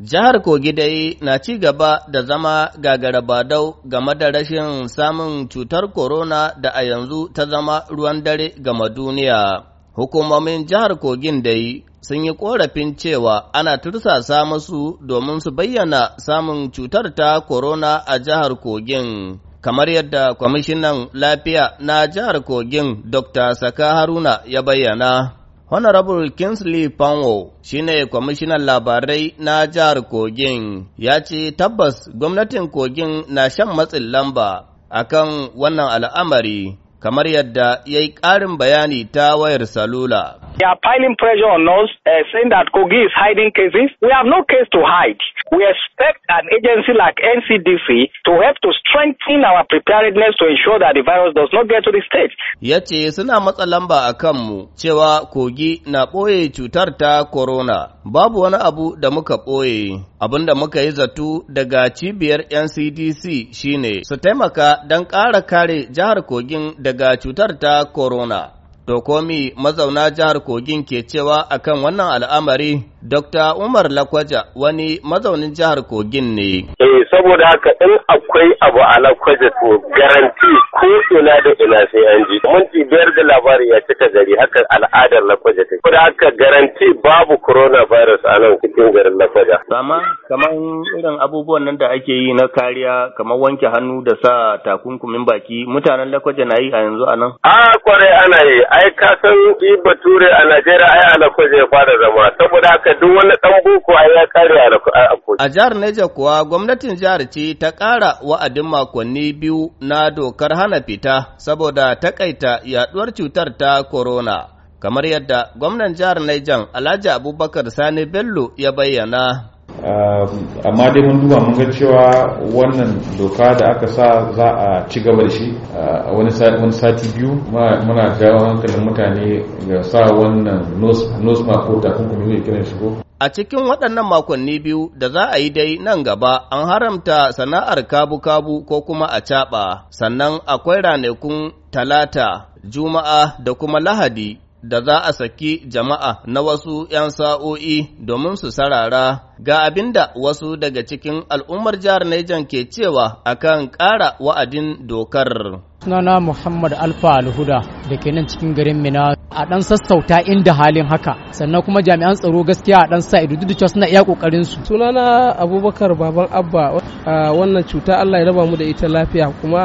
Jihar Kogi dai na ci gaba da zama ga gagarabadau game da rashin samun cutar corona da a yanzu ta zama ruwan dare gama duniya. Hukumomin jihar Kogin dai sun yi korafin cewa ana tursasa musu domin su bayyana samun cutar ta corona a jihar Kogin. Kamar yadda kwamishinan lafiya na jihar Kogin Dr. Saka Haruna ya bayyana. Honorable Kingsley Panwo shi ne kwamishinan labarai na jihar Kogin ya ce tabbas gwamnatin Kogin na shan matsin lamba a kan wannan al'amari kamar yadda ya yi ƙarin bayani ta wayar salula. They are piling pressure on us, uh, saying that Kogi is hiding cases. We have no case to hide. We expect an agency like NCDC to help to strengthen our preparedness to ensure that the virus does not get to the state. Yace suna matsa lamba a kanmu cewa Kogi na ɓoye cutar ta corona. Babu wani abu da muka ɓoye. Abin da muka yi zato daga cibiyar NCDC shine su taimaka don ƙara kare jihar Kogin daga cutar ta corona. To komi mazauna jihar Kogin ke cewa akan wannan al'amari, Dr. Umar Lakwaja wani mazaunin jihar Kogin ne. Eh, saboda haka in akwai abu a lakwaje to garanti ko ina da ina sai an ji minti biyar da labari ya cika gari haka al'adar lakwaje ta saboda haka garanti babu coronavirus a nan cikin garin lakwaje amma kamar irin abubuwan nan da ake yi na kariya kamar wanke hannu da sa takunkumin baki mutanen lakwaje na yi a yanzu a nan a kwarai ana yi ai ka san bature a najeriya ai a lakwaje ya fara zama saboda haka duk wani dan boko ai ya kare a lakwaje a jihar Neja kuwa gwamnatin jihar ce ta ƙara wa'adin makonni biyu na dokar hana fita saboda takaita yaduwar cutar ta korona, kamar yadda gwamnan jihar Niger Alhaji Abubakar Sani Bello ya bayyana. amma dai mun duba mun ga cewa wannan doka da aka sa za a ci gaba da shi a wani sati biyu muna jawo hankalin mutane ga sa wannan nose mark ko takunkumi ne kiran shigo a cikin waɗannan makonni biyu da za a yi dai nan gaba an haramta sana'ar kabu-kabu ko kuma a caɓa sannan akwai ranakun talata juma'a da kuma lahadi da za a saki jama'a na wasu ‘yan sa'o'i domin su sarara ga abin da wasu daga cikin al'ummar jihar Nijan ke cewa akan ƙara wa'adin dokar. Sunana Muhammad Alfa Alhuda. da ke nan cikin garin Mina a dan sassauta inda halin haka sannan kuma jami'an tsaro gaskiya a dan sa ido duk suna iya kokarin su sunana Abubakar baban Abba wannan cuta Allah ya raba mu da ita lafiya kuma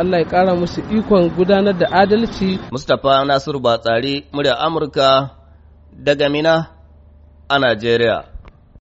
Allah ya kara musu ikon gudanar da adalci Mustapha Nasiru Batsari murya Amurka daga Mina a Najeriya